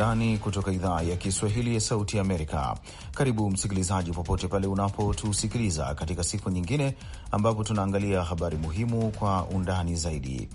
undani kutoka idhaa ya Kiswahili ya Sauti Amerika. Karibu msikilizaji, popote pale unapotusikiliza katika siku nyingine ambapo tunaangalia habari muhimu kwa undani zaidi.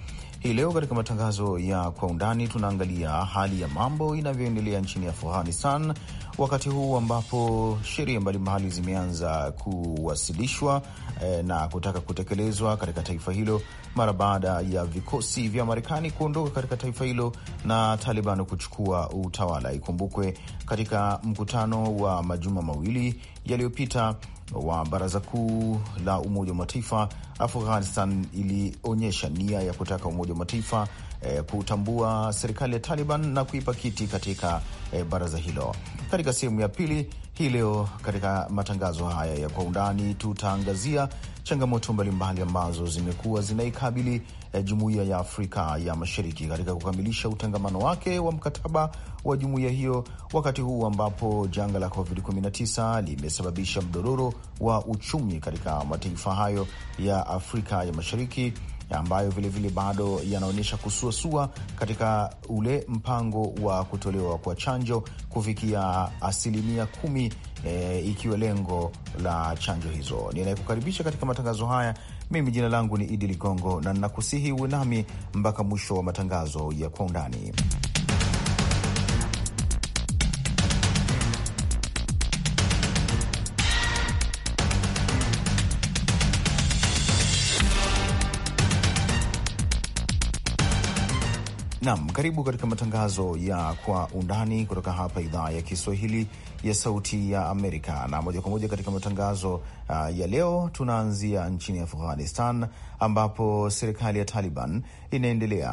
Hii leo katika matangazo ya kwa undani tunaangalia hali ya mambo inavyoendelea nchini Afghanistan wakati huu ambapo sheria mbalimbali zimeanza kuwasilishwa eh, na kutaka kutekelezwa katika taifa hilo mara baada ya vikosi vya Marekani kuondoka katika taifa hilo na Taliban kuchukua utawala. Ikumbukwe katika mkutano wa majuma mawili yaliyopita wa Baraza Kuu la Umoja wa Mataifa, Afghanistan ilionyesha nia ya kutaka Umoja wa Mataifa e, kutambua serikali ya Taliban na kuipa kiti katika e, baraza hilo. Katika sehemu ya pili hii leo katika matangazo haya ya kwa undani tutaangazia changamoto mbalimbali ambazo zimekuwa zinaikabili eh, jumuiya ya Afrika ya Mashariki katika kukamilisha utangamano wake wa mkataba wa jumuiya hiyo, wakati huu ambapo janga la COVID-19 limesababisha mdororo wa uchumi katika mataifa hayo ya Afrika ya Mashariki ambayo vilevile bado yanaonyesha kusuasua katika ule mpango wa kutolewa kwa chanjo kufikia asilimia kumi, e, ikiwa lengo la chanjo hizo. Ninayekukaribisha katika matangazo haya mimi jina langu ni Idi Ligongo na ninakusihi uwe nami mpaka mwisho wa matangazo ya kwa undani. Naam. Karibu katika matangazo ya Kwa Undani kutoka hapa idhaa ya Kiswahili ya Sauti ya Amerika. Na moja kwa moja katika matangazo uh, ya leo tunaanzia nchini Afghanistan ambapo serikali ya Taliban inaendelea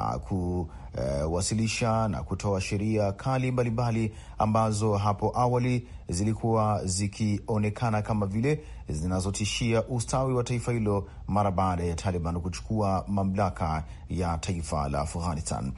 kuwasilisha uh, na kutoa sheria kali mbalimbali ambazo hapo awali zilikuwa zikionekana kama vile zinazotishia ustawi wa taifa hilo mara baada ya Taliban kuchukua mamlaka ya taifa la Afghanistan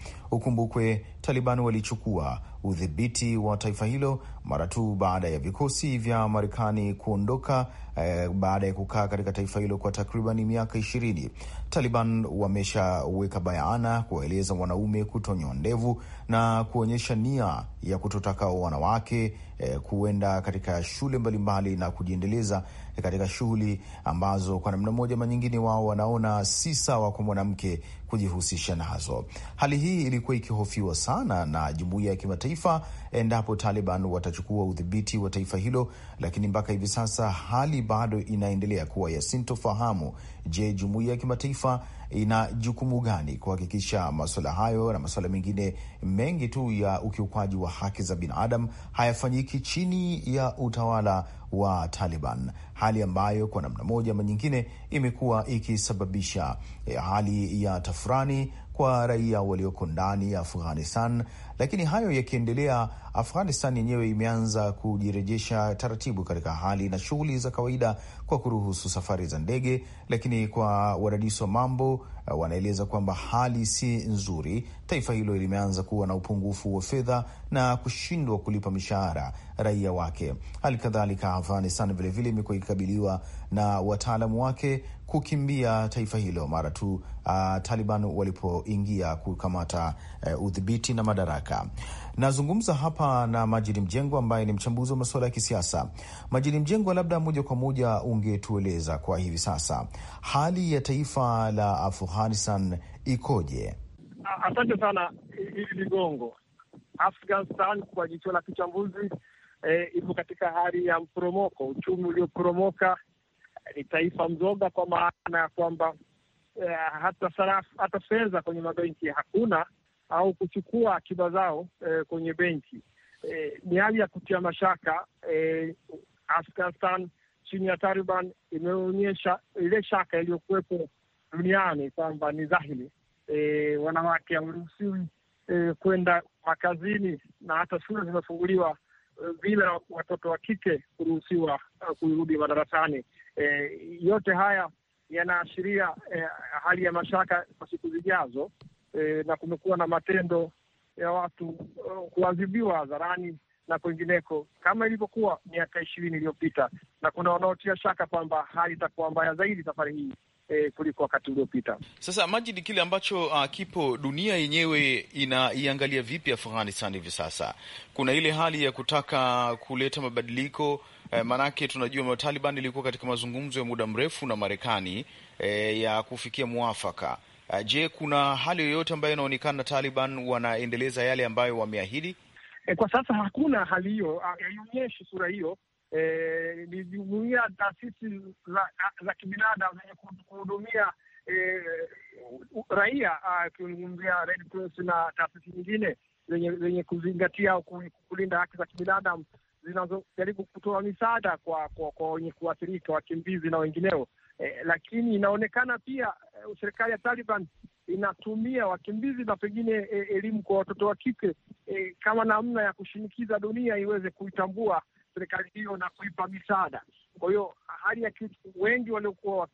Ikumbukwe Taliban walichukua udhibiti wa taifa hilo mara tu baada ya vikosi vya Marekani kuondoka eh, baada ya kukaa katika taifa hilo kwa takriban miaka ishirini. Taliban wameshaweka bayana kuwaeleza wanaume kutonyoa ndevu na kuonyesha nia ya kutotaka wanawake eh, kuenda katika shule mbalimbali na kujiendeleza Eh, katika shughuli ambazo kwa namna moja ama nyingine wao wanaona si sawa kwa mwanamke kujihusisha nazo. Hali hii ilikuwa ikihofiwa sana na jumuiya ya kimataifa eh, endapo Taliban watachukua udhibiti wa taifa hilo, lakini mpaka hivi sasa hali bado inaendelea kuwa ya sintofahamu. Je, jumuiya ya kimataifa ina jukumu gani kuhakikisha masuala hayo na masuala mengine mengi tu ya ukiukwaji wa haki za binadamu hayafanyiki chini ya utawala wa Taliban, hali ambayo kwa namna moja ama nyingine imekuwa ikisababisha eh, hali ya tafurani kwa raia walioko ndani ya Afghanistan. Lakini hayo yakiendelea, Afghanistan yenyewe imeanza kujirejesha taratibu katika hali na shughuli za kawaida kwa kuruhusu safari za ndege, lakini kwa wadadisi wa mambo Uh, wanaeleza kwamba hali si nzuri. Taifa hilo limeanza kuwa na upungufu wa fedha na kushindwa kulipa mishahara raia wake. Hali kadhalika, Afghanistan vilevile imekuwa ikikabiliwa na wataalamu wake kukimbia taifa hilo mara tu uh, Taliban walipoingia kukamata uh, udhibiti na madaraka. Nazungumza hapa na majini Mjengwa ambaye ni mchambuzi wa masuala ya kisiasa. majini Mjengwa, labda moja kwa moja ungetueleza kwa hivi sasa hali ya taifa la Afghanistan ikoje? Asante sana hili Ligongo. Afghanistan kwa jicho la kichambuzi e, ipo katika hali ya mporomoko, uchumi ulioporomoka. Ni taifa mzoga kwa maana ya kwamba eh, hata sarafu hata fedha kwenye mabenki hakuna au kuchukua akiba zao e, kwenye benki e, ni hali ya kutia mashaka e, Afghanistan chini ya Taliban imeonyesha ile shaka iliyokuwepo duniani kwamba ni dhahiri e, wanawake hawaruhusiwi e, kwenda makazini na hata shule zimefunguliwa e, bila watoto wa kike kuruhusiwa e, kurudi madarasani. E, yote haya yanaashiria e, hali ya mashaka kwa siku zijazo e, na kumekuwa na matendo ya watu uh, kuadhibiwa hadharani na kwingineko kama ilivyokuwa miaka ishirini iliyopita, na kuna wanaotia shaka kwamba hali itakuwa mbaya zaidi safari hii e, kuliko wakati uliopita. Sasa majidi kile ambacho uh, kipo dunia yenyewe inaiangalia vipi Afghanistan hivi sasa? Kuna ile hali ya kutaka kuleta mabadiliko eh, maanake tunajua taliban ilikuwa katika mazungumzo ya muda mrefu na Marekani eh, ya kufikia mwafaka Uh, je, kuna hali yoyote ambayo inaonekana Taliban wanaendeleza yale ambayo wameahidi? E, kwa sasa hakuna hali hiyo, ah, haionyeshi sura hiyo. E, ni jumuia taasisi za, za kibinadamu zenye kuhudumia e, raia ah, akizungumzia Red Cross na taasisi nyingine zenye zenye kuzingatia au kulinda haki za kibinadamu zinazojaribu kutoa misaada kwa kwa wenye kuathirika, wakimbizi na wengineo eh, lakini inaonekana pia eh, serikali ya Taliban inatumia wakimbizi na pengine eh, elimu kwa watoto wa kike eh, kama namna ya kushinikiza dunia iweze kuitambua serikali hiyo na kuipa misaada. Kwa hiyo hali ya wengi waliokuwa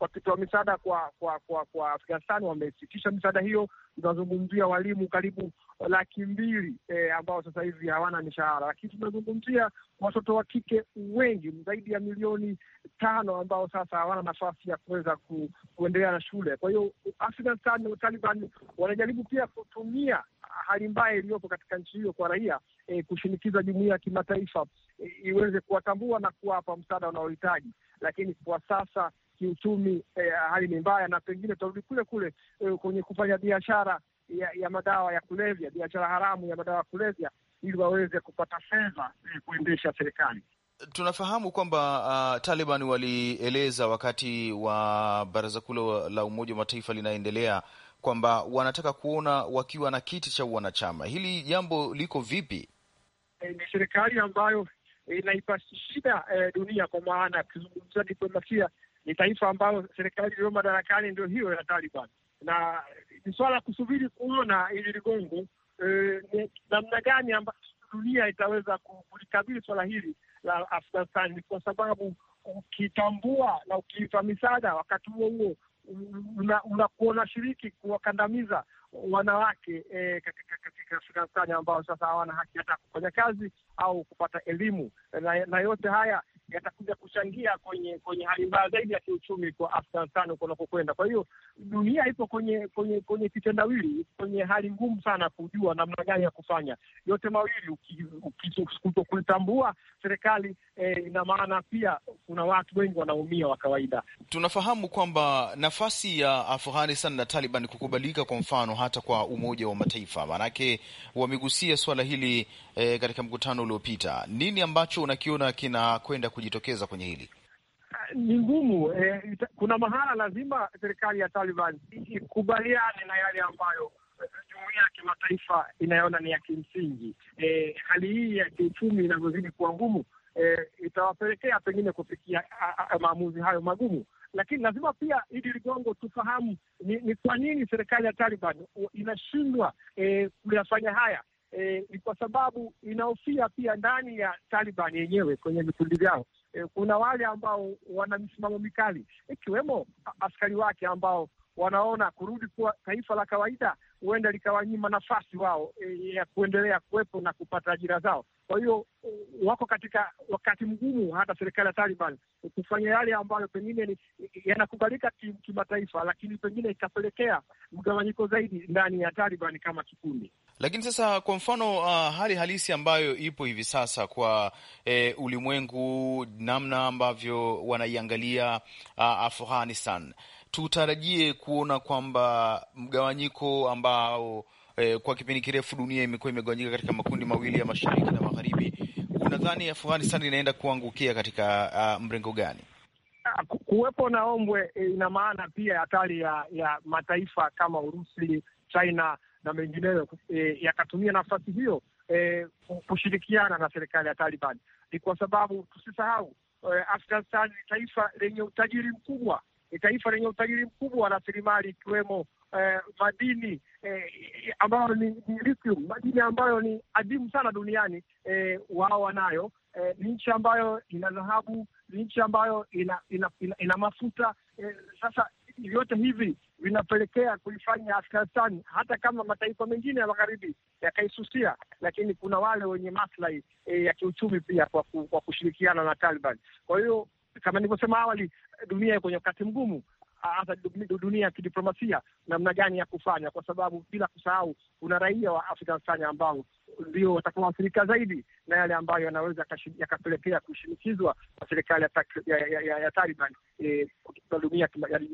wakitoa misaada kwa kwa kwa kwa Afghanistan wamesitisha misaada hiyo. Tunazungumzia walimu karibu laki mbili e, ambao sasa hivi hawana mishahara, lakini tunazungumzia watoto wa kike wengi zaidi ya milioni tano ambao sasa hawana nafasi ya kuweza ku, kuendelea na shule. Kwa hiyo Afghanistan na Taliban wanajaribu pia kutumia hali mbaya iliyopo katika nchi hiyo kwa raia e, kushinikiza jumuiya ya kimataifa e, iweze kuwatambua na kuwapa msaada wanaohitaji, lakini kwa sasa kiuchumi e, hali ni mbaya, na pengine tutarudi kule kule e, kwenye kufanya biashara ya, ya madawa ya kulevya, biashara haramu ya madawa ya kulevya ili waweze kupata fedha e, kuendesha serikali tunafahamu kwamba uh, Taliban walieleza wakati wa Baraza Kuu la Umoja wa Mataifa linaendelea kwamba wanataka kuona wakiwa na kiti cha wanachama. Hili jambo liko vipi? E, ni serikali ambayo inaipa shida e, dunia kwa maana kuzungumzia diplomasia ni taifa ambayo serikali iliyo madarakani ndio hiyo ya Taliban, na ni swala kusubiri kuona ili ligongo eh, namna e, gani ambayo dunia itaweza kulikabili swala hili la Afghanistan ni kwa sababu ukitambua na ukiipa misaada, wakati huo huo unakuwa unashiriki kuwakandamiza wanawake eh, katika Afghanistan ambao sasa hawana haki hata kufanya kazi au kupata elimu na, na yote haya yatakuja kuchangia kwenye kwenye hali mbaya zaidi ya kiuchumi kwa Afghanistan kunakokwenda. Kwa hiyo dunia ipo kwenye kwenye kwenye kitendawili, kwenye hali ngumu sana kujua namna gani ya kufanya yote mawili. Kutokuitambua serikali eh, ina maana pia kuna watu wengi wanaumia wa kawaida. Tunafahamu kwamba nafasi ya Afghanistan na Taliban kukubalika, kwa mfano hata kwa Umoja wa Mataifa, maanake wamegusia suala hili e, katika mkutano uliopita. Nini ambacho unakiona kinakwenda kujitokeza kwenye hili? Ah, ni ngumu e, kuna mahala lazima serikali ya Taliban ikubaliane na yale ambayo eh, jumuia ya kimataifa inayoona ni ya kimsingi. E, hali hii ya kiuchumi inavyozidi kuwa ngumu e, itawapelekea pengine kufikia maamuzi hayo magumu, lakini lazima pia, Idi Ligongo, tufahamu ni, ni kwa nini serikali ya Taliban inashindwa e, kuyafanya haya Eh, ni kwa sababu inahofia pia ndani ya Taliban yenyewe kwenye vikundi vyao eh, kuna wale ambao wana misimamo mikali ikiwemo askari wake ambao wanaona kurudi kuwa taifa la kawaida huenda likawanyima nafasi wao e, ya kuendelea kuwepo na kupata ajira zao. Kwa hiyo wako katika wakati mgumu, hata serikali ya Taliban kufanya yale ambayo pengine yanakubalika kimataifa, lakini pengine ikapelekea mgawanyiko zaidi ndani ya Taliban kama kikundi. Lakini sasa kwa mfano uh, hali halisi ambayo ipo hivi sasa kwa eh, ulimwengu namna ambavyo wanaiangalia uh, Afghanistan, tutarajie kuona kwamba mgawanyiko ambao eh, kwa kipindi kirefu dunia imekuwa imegawanyika katika makundi mawili ya mashariki na magharibi, unadhani Afghanistan inaenda kuangukia katika uh, mrengo gani? Ah, kuwepo na ombwe eh, ina maana pia hatari ya, ya mataifa kama Urusi, China na mengineyo e, yakatumia nafasi hiyo e, kushirikiana na serikali ya Taliban. Ni kwa sababu tusisahau, e, Afghanistan ni taifa lenye utajiri mkubwa, ni taifa lenye utajiri mkubwa wa rasilimali ikiwemo e, madini e, ambayo ni, ni lithium, madini ambayo ni adimu sana duniani e, wao wanayo. E, ni nchi ambayo ina dhahabu, ni nchi ambayo ina ina, ina, ina mafuta e, sasa vyote hivi vinapelekea kuifanya Afghanistan, hata kama mataifa mengine ya magharibi yakaisusia, lakini kuna wale wenye maslahi e, ya kiuchumi pia kwa, ku, kwa kushirikiana na Taliban. Kwa hiyo kama nilivyosema awali, dunia iko kwenye wakati mgumu hasa dunia ya kidiplomasia, namna gani ya kufanya, kwa sababu bila kusahau kuna raia wa Afghanistan ambao ndio watakaoathirika zaidi na yale ambayo yanaweza yakapelekea kushinikizwa kwa serikali ya, ya, ya, ya, ya Taliban eh,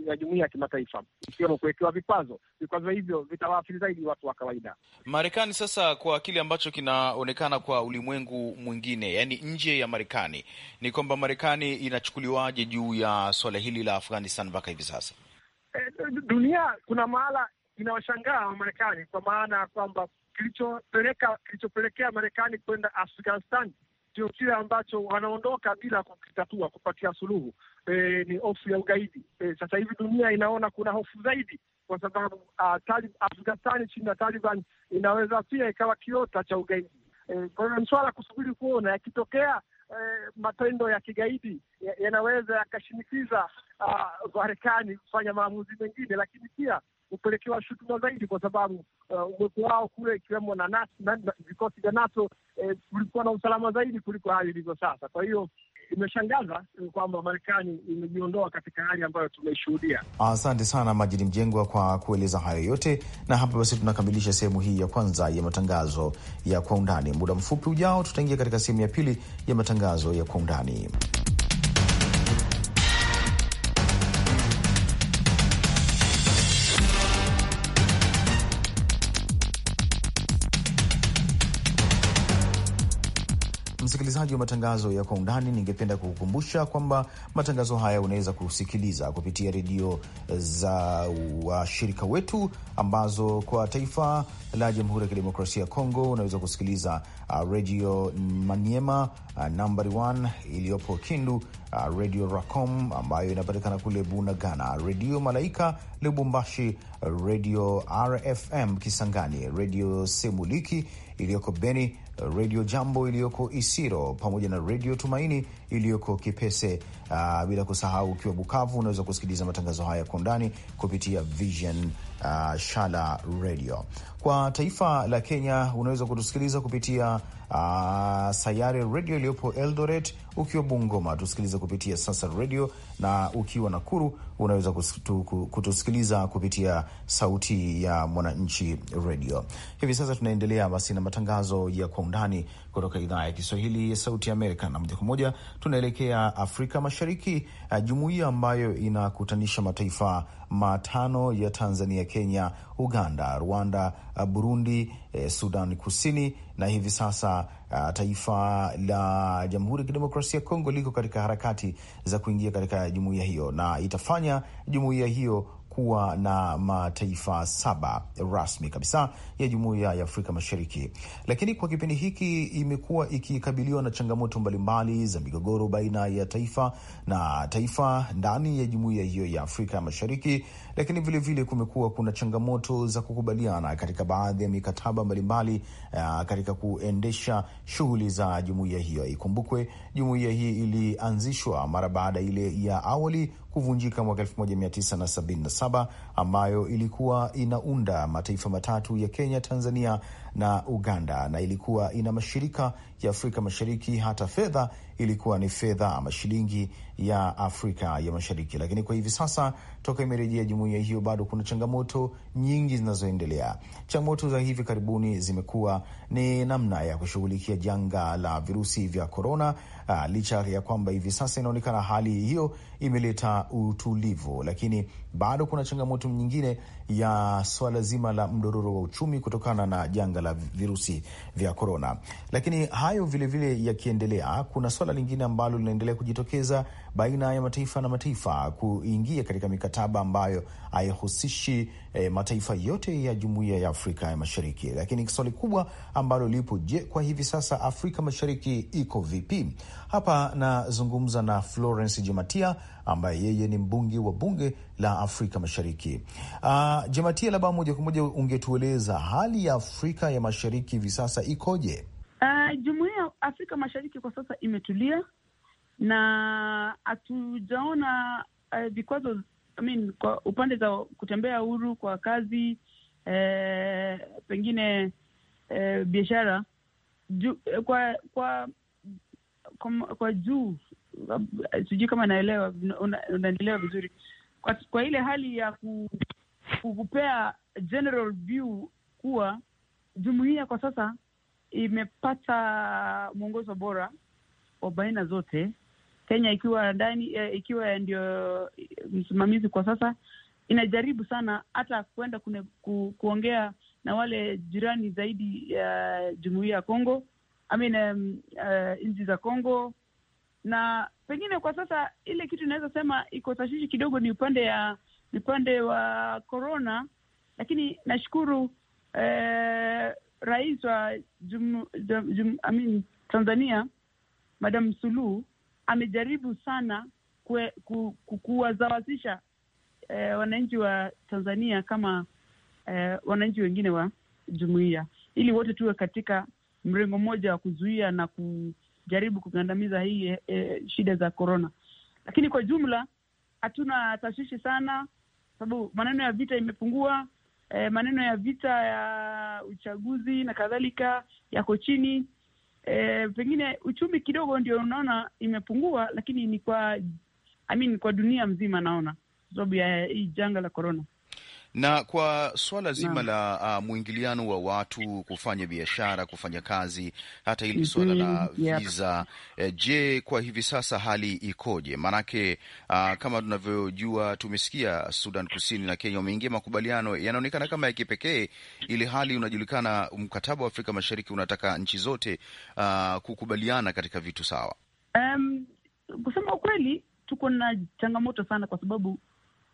ya jumuia ya kimataifa ikiwemo kuwekewa vikwazo. Vikwazo hivyo vitawaathiri zaidi watu wa kawaida. Marekani sasa, kwa kile ambacho kinaonekana kwa ulimwengu mwingine, yani nje ya Marekani, ni kwamba Marekani inachukuliwaje juu ya swala hili la Afghanistan mpaka hivi sasa? Eh, dunia kuna mahala inawashangaa Wamarekani kwa maana ya kwamba kilichopeleka kilichopelekea Marekani kwenda Afghanistan ndio kile ambacho wanaondoka bila kukitatua kupatia suluhu e, ni hofu ya ugaidi e, sasa hivi dunia inaona kuna hofu zaidi kwa sababu uh, Afghanistani chini ya Taliban inaweza pia ikawa kiota cha ugaidi e, kwa hiyo ni swala kusubiri kuona yakitokea e, matendo ya kigaidi yanaweza ya yakashinikiza uh, Marekani kufanya maamuzi mengine, lakini pia hupelekewa shutuma zaidi, kwa sababu uh, uwepo wao kule ikiwemo na vikosi vya NATO kulikuwa eh, na usalama zaidi kuliko hali ilivyo sasa. Kwa hiyo imeshangaza eh, kwamba Marekani imejiondoa katika hali ambayo tumeishuhudia. Asante sana Majini Mjengwa kwa kueleza hayo yote, na hapa basi tunakamilisha sehemu hii ya kwanza ya matangazo ya kwa undani. Muda mfupi ujao, tutaingia katika sehemu ya pili ya matangazo ya kwa undani. msikilizaji wa matangazo ya kwa undani, ningependa kukukumbusha kwamba matangazo haya unaweza kusikiliza kupitia redio za washirika wetu ambazo kwa taifa la Jamhuri ya Kidemokrasia ya Kongo unaweza kusikiliza uh, redio Maniema uh, nambari 1 iliyopo Kindu, uh, redio Racom ambayo inapatikana kule Bunagana, redio Malaika Lubumbashi, redio RFM Kisangani, redio Semuliki iliyoko Beni Redio Jambo iliyoko Isiro pamoja na Redio Tumaini iliyoko Kipese. Uh, bila kusahau ukiwa Bukavu unaweza kusikiliza matangazo haya kwa undani kupitia Vision uh, Shala Radio. Kwa taifa la Kenya unaweza kutusikiliza kupitia uh, ah, Sayare Redio iliyopo Eldoret, ukiwa Bungoma tusikilize kupitia Sasa Redio, na ukiwa Nakuru unaweza kutusikiliza kupitia Sauti ya Mwananchi Redio. Hivi sasa tunaendelea basi na matangazo ya Kwa Undani kutoka idhaa ya Kiswahili ya Sauti ya Amerika, na moja kwa moja tunaelekea Afrika Mashariki, uh, jumuiya ambayo inakutanisha mataifa matano ya Tanzania, Kenya, Uganda, Rwanda Eh, Burundi, e, Sudan Kusini na hivi sasa a, eh, taifa la Jamhuri ya Kidemokrasia ya Kongo liko katika harakati za kuingia katika jumuiya hiyo na itafanya jumuiya hiyo kuwa na mataifa saba rasmi kabisa ya jumuiya ya Afrika Mashariki. Lakini kwa kipindi hiki imekuwa ikikabiliwa na changamoto mbalimbali za migogoro baina ya taifa na taifa ndani ya jumuiya hiyo ya Afrika Mashariki, lakini vilevile kumekuwa kuna changamoto za kukubaliana katika baadhi ya mikataba mbalimbali eh, katika kuendesha shughuli za jumuiya hiyo. Ikumbukwe jumuiya hii ilianzishwa mara baada ile ya awali kuvunjika mwaka saba ambayo ilikuwa inaunda mataifa matatu ya Kenya, Tanzania na Uganda, na ilikuwa ina mashirika ya Afrika Mashariki, hata fedha ilikuwa ni fedha ama shilingi ya Afrika ya Mashariki. Lakini kwa hivi sasa toka imerejea jumuiya hiyo, bado kuna changamoto nyingi zinazoendelea. Changamoto za hivi karibuni zimekuwa ni namna ya kushughulikia janga la virusi vya korona uh, licha ya kwamba hivi sasa inaonekana hali hiyo imeleta utulivu, lakini bado kuna changamoto nyingine ya swala zima la mdororo wa uchumi kutokana na janga la virusi vya korona. Lakini hayo vilevile yakiendelea, kuna swala lingine ambalo linaendelea kujitokeza baina ya mataifa na mataifa kuingia katika mikataba ambayo haihusishi e, mataifa yote ya jumuiya ya Afrika ya Mashariki. Lakini swali kubwa ambalo lipo, je, kwa hivi sasa Afrika Mashariki iko vipi? Hapa nazungumza na Florence Jematia ambaye yeye ni mbunge wa bunge la Afrika Mashariki. Uh, ah, Jematia, labda moja kwa moja ungetueleza hali ya Afrika ya Mashariki hivi sasa ikoje? Uh, jumuiya ya Afrika Mashariki kwa sasa imetulia na hatujaona eh, vikwazo uh, I mean, kwa upande za kutembea huru kwa kazi eh, pengine eh, biashara eh, kwa, kwa kwa kwa juu sijui kama naelewa, una vizuri kwa, kwa ile hali ya kukupea general view kuwa jumuiya kwa sasa imepata mwongozo bora wa baina zote Kenya ikiwa ndani e, ikiwa ndio eh, msimamizi kwa sasa, inajaribu sana hata kuenda kune, ku, kuongea na wale jirani zaidi ya uh, jumuiya ya Kongo amin um, uh, nchi za Kongo na pengine kwa sasa ile kitu inaweza sema iko tashishi kidogo ni upande ya ni upande wa corona, lakini nashukuru eh, rais wa jum, jum, jum, I mean, Tanzania Madam Suluhu amejaribu sana kuwazawazisha eh, wananchi wa Tanzania kama eh, wananchi wengine wa jumuiya, ili wote tuwe katika mrengo mmoja wa kuzuia na kujaribu kugandamiza hii eh, shida za korona. Lakini kwa jumla hatuna tashwishi sana, sababu maneno ya vita imepungua. Eh, maneno ya vita ya uchaguzi na kadhalika yako chini e, pengine uchumi kidogo ndio unaona imepungua, lakini ni kwa I mean, kwa dunia mzima naona sababu ya hii janga la corona na kwa swala zima la uh, mwingiliano wa watu kufanya biashara, kufanya kazi, hata hili mm-hmm. swala la viza yep. Eh, je, kwa hivi sasa hali ikoje? Maanake uh, kama tunavyojua, tumesikia Sudan Kusini na Kenya wameingia makubaliano yanaonekana kama ya kipekee, ili hali unajulikana, mkataba wa Afrika Mashariki unataka nchi zote uh, kukubaliana katika vitu sawa. Um, kusema ukweli, tuko na changamoto sana kwa sababu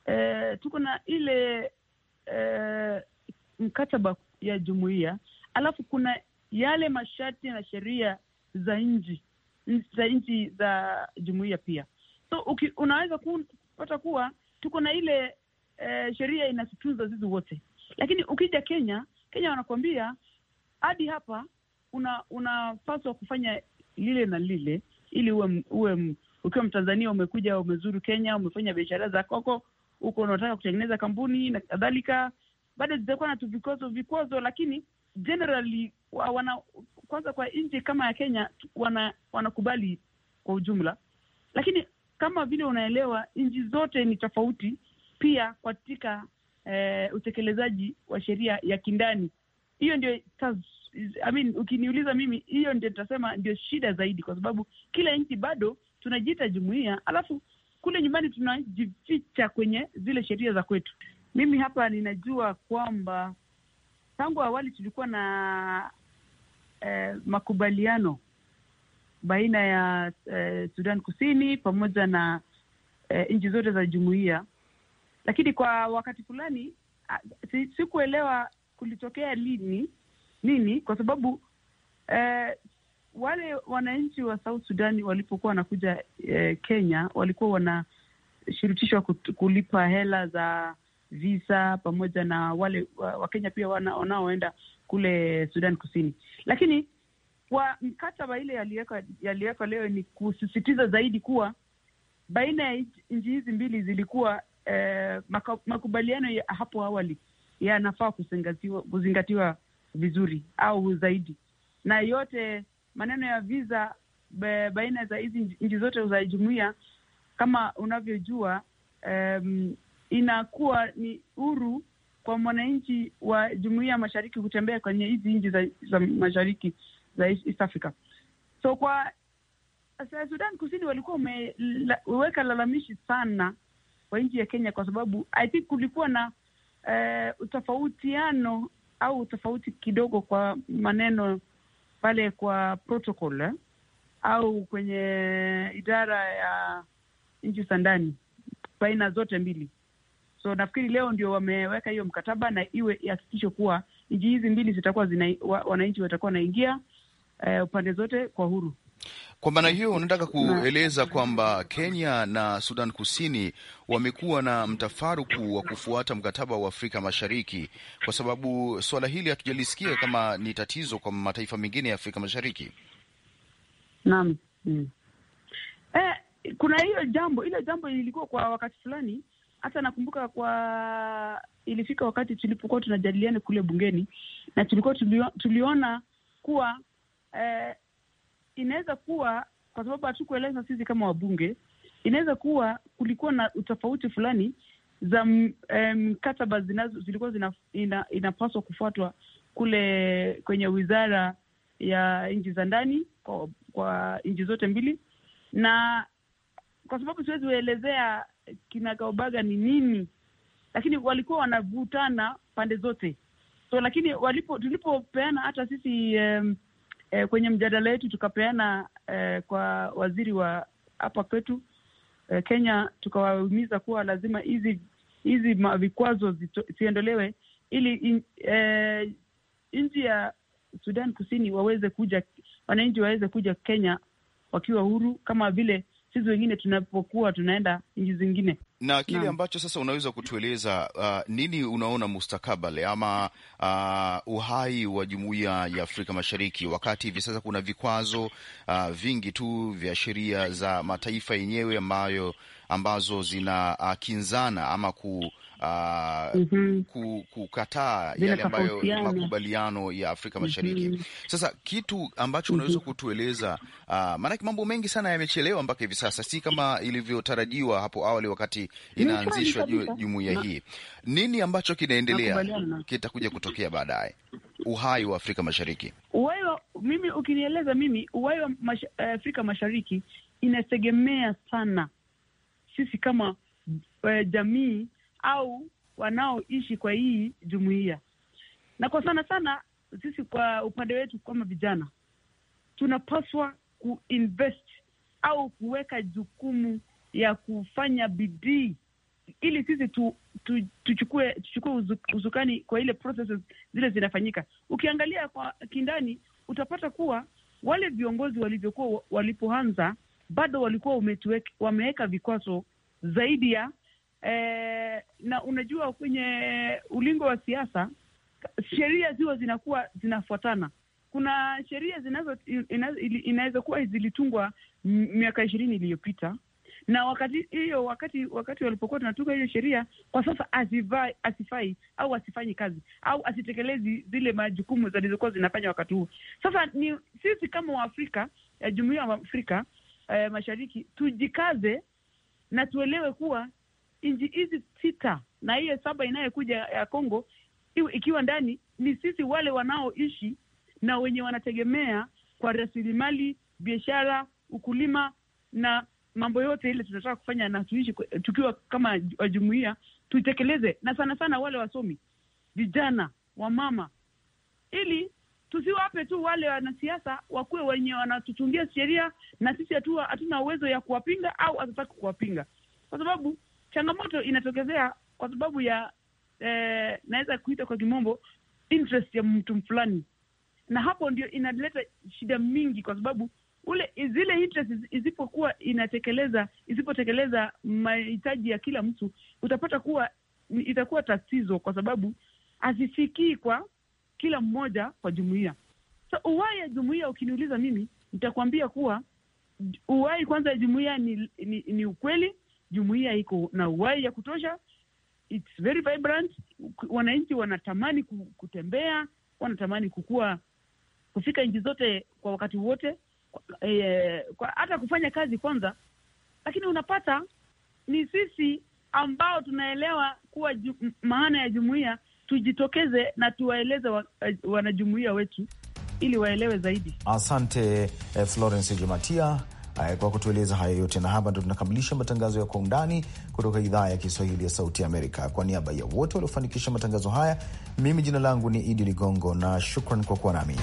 eh, tuko na ile eh, mkataba ya jumuiya, alafu kuna yale masharti na sheria za nchi za nchi za jumuiya pia. So uki, unaweza kupata kuwa tuko na ile eh, sheria inatutunza sisi wote, lakini ukija Kenya, Kenya wanakuambia hadi hapa unapaswa una kufanya lile na lile ili uwe uwe ukiwa Mtanzania umekuja umezuru Kenya umefanya biashara za koko huko unataka kutengeneza kampuni na kadhalika, bado zitakuwa na tu vikwazo vikwazo, lakini generally wa, wana kwanza kwa nchi kama ya Kenya wana, wanakubali kwa ujumla, lakini kama vile unaelewa nchi zote ni tofauti pia katika eh, utekelezaji wa sheria ya kindani. Hiyo ndio I mean, ukiniuliza mimi, hiyo ndio nitasema ndio shida zaidi, kwa sababu kila nchi bado tunajiita jumuiya alafu kule nyumbani tunajificha kwenye zile sheria za kwetu. Mimi hapa ninajua kwamba tangu awali tulikuwa na eh, makubaliano baina ya eh, Sudan Kusini pamoja na eh, nchi zote za jumuiya, lakini kwa wakati fulani sikuelewa kulitokea lini nini, kwa sababu eh, wale wananchi wa South Sudani walipokuwa wanakuja eh, Kenya walikuwa wanashurutishwa kulipa hela za visa pamoja na wale Wakenya pia wanaoenda kule Sudan Kusini, lakini kwa mkataba ile yaliwekwa leo ni kusisitiza zaidi kuwa baina ya nchi hizi mbili zilikuwa eh, makubaliano ya hapo awali yanafaa kuzingatiwa vizuri au zaidi, na yote maneno ya visa baina za hizi nchi zote za jumuia kama unavyojua, um, inakuwa ni huru kwa mwananchi wa jumuia ya mashariki kutembea kwenye hizi nchi za, za mashariki za East Africa. So kwa Sudan Kusini walikuwa wameweka lalamishi sana kwa nchi ya Kenya, kwa sababu I think kulikuwa na uh, utofautiano au utofauti kidogo kwa maneno pale kwa protocol eh, au kwenye idara ya nchi za ndani baina zote mbili. So nafikiri leo ndio wameweka hiyo mkataba, na iwe hakikisho kuwa nchi hizi mbili zitakuwa zina, wananchi watakuwa wanaingia eh, upande zote kwa huru. Kwa maana hiyo mm. unataka kueleza mm. kwamba Kenya na Sudan Kusini wamekuwa na mtafaruku wa kufuata mkataba wa Afrika Mashariki, kwa sababu suala hili hatujalisikia kama ni tatizo kwa mataifa mengine ya Afrika Mashariki. Naam, mm. Eh, kuna hiyo jambo, hilo jambo ilikuwa kwa wakati fulani, hata nakumbuka kwa ilifika wakati tulipokuwa tunajadiliana kule bungeni na tulikuwa tuliona kuwa eh, inaweza kuwa kwa sababu hatukueleza sisi kama wabunge, inaweza kuwa kulikuwa na utofauti fulani za mkataba mm, um, zilikuwa zina, ina, inapaswa kufuatwa kule kwenye wizara ya nchi za ndani kwa, kwa nchi zote mbili, na kwa sababu siwezi uelezea kinagaubaga ni nini, lakini walikuwa wanavutana pande zote so, lakini walipo tulipopeana hata sisi um, e, kwenye mjadala wetu tukapeana e, kwa waziri wa hapa kwetu e, Kenya, tukawahimiza kuwa lazima hizi hizi vikwazo ziondolewe ili in, e, nchi ya Sudan Kusini waweze kuja wananchi waweze kuja Kenya wakiwa huru kama vile sisi wengine tunapokuwa tunaenda nchi zingine. Na kile na ambacho sasa unaweza kutueleza uh, nini unaona mustakabali ama uh, uhai wa jumuiya ya Afrika Mashariki wakati hivi sasa kuna vikwazo uh, vingi tu vya sheria za mataifa yenyewe ambayo ambazo zinakinzana uh, ama ku uh, mm -hmm. kukataa yale ambayo makubaliano ya Afrika Mashariki. mm -hmm. Sasa kitu ambacho unaweza mm -hmm. kutueleza uh, maanake mambo mengi sana yamechelewa mpaka hivi sasa, si kama ilivyotarajiwa hapo awali wakati inaanzishwa jumuiya hii. Nini ambacho kinaendelea kitakuja kutokea baadaye uhai wa Afrika Mashariki? Uhai wa mimi, ukinieleza mimi, uhai wa mash, eh, Afrika Mashariki inategemea sana sisi kama uh, jamii au wanaoishi kwa hii jumuiya. Na kwa sana sana sisi kwa upande wetu kama vijana tunapaswa kuinvest au kuweka jukumu ya kufanya bidii ili sisi tu, tu, tuchukue tuchukue uzukani kwa ile processes zile zinafanyika. Ukiangalia kwa kindani, utapata kuwa wale viongozi walivyokuwa walipoanza bado walikuwa wameweka vikwazo zaidi ya eh, na unajua kwenye ulingo wa siasa sheria ziwa zinakuwa zinafuatana. Kuna sheria zinazo inaweza kuwa zilitungwa miaka ishirini iliyopita na wakati hiyo wakati wakati walipokuwa tunatunga hiyo sheria, kwa sasa asifai, asifai au asifanyi kazi au asitekelezi zile majukumu zilizokuwa zinafanya wakati huo. Sasa ni sisi kama Waafrika eh, ya Afrika, ya Afrika eh, Mashariki tujikaze na tuelewe kuwa nchi hizi sita na hiyo saba inayokuja ya Kongo ikiwa ndani, ni sisi wale wanaoishi na wenye wanategemea kwa rasilimali, biashara, ukulima na mambo yote ile tunataka kufanya na tuishi tukiwa kama wajumuia, tuitekeleze, na sana sana wale wasomi, vijana, wamama, ili tusiwape tu wale wanasiasa wakuwe wenye wanatutungia sheria, na sisi hatuna uwezo ya kuwapinga au hatutaki kuwapinga, kwa sababu changamoto inatokezea kwa sababu ya eh, naweza kuita kwa kimombo interest ya mtu fulani, na hapo ndio inaleta shida mingi, kwa sababu ule zile interest isipokuwa inatekeleza isipotekeleza mahitaji ya kila mtu, utapata kuwa itakuwa tatizo, kwa sababu hazifikii kwa kila mmoja kwa jumuia So uwai ya jumuia ukiniuliza mimi nitakwambia kuwa uwai kwanza ya jumuia ni, ni, ni ukweli jumuiya iko na uhai ya kutosha, it's very vibrant. Wananchi wanatamani kutembea, wanatamani kukua, kufika nchi zote kwa wakati wote, e, kwa, hata kufanya kazi kwanza. Lakini unapata ni sisi ambao tunaelewa kuwa ju, maana ya jumuiya, tujitokeze na tuwaeleze wa, eh, wetu ili waelewe zaidi. Asante eh, Florence Jumatia kwa kutueleza hayo yote, na hapa ndo tunakamilisha matangazo ya kwa undani kutoka idhaa ya Kiswahili ya Sauti Amerika. Kwa niaba ya wote waliofanikisha matangazo haya, mimi jina langu ni Idi Ligongo na shukran kwa kuwa nami.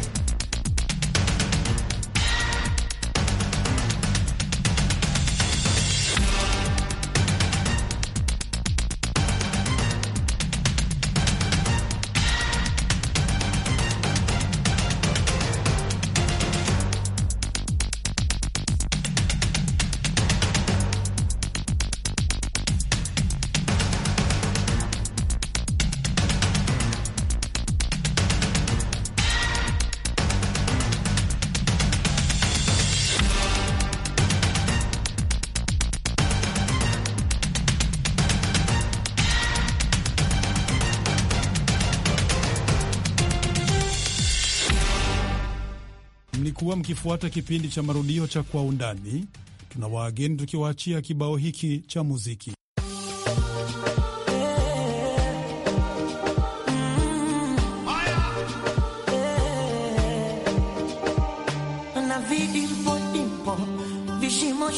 mmekuwa mkifuata kipindi cha marudio cha Kwa Undani. Tuna waageni tukiwaachia kibao hiki cha muziki.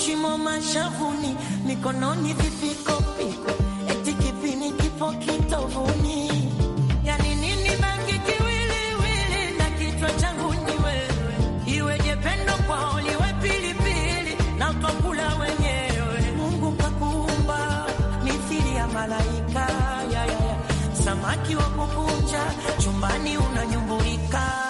Shimo mashavuni mikononi eti kipini kipo kitovuni ukiwa kukunja chumbani unanyumbulika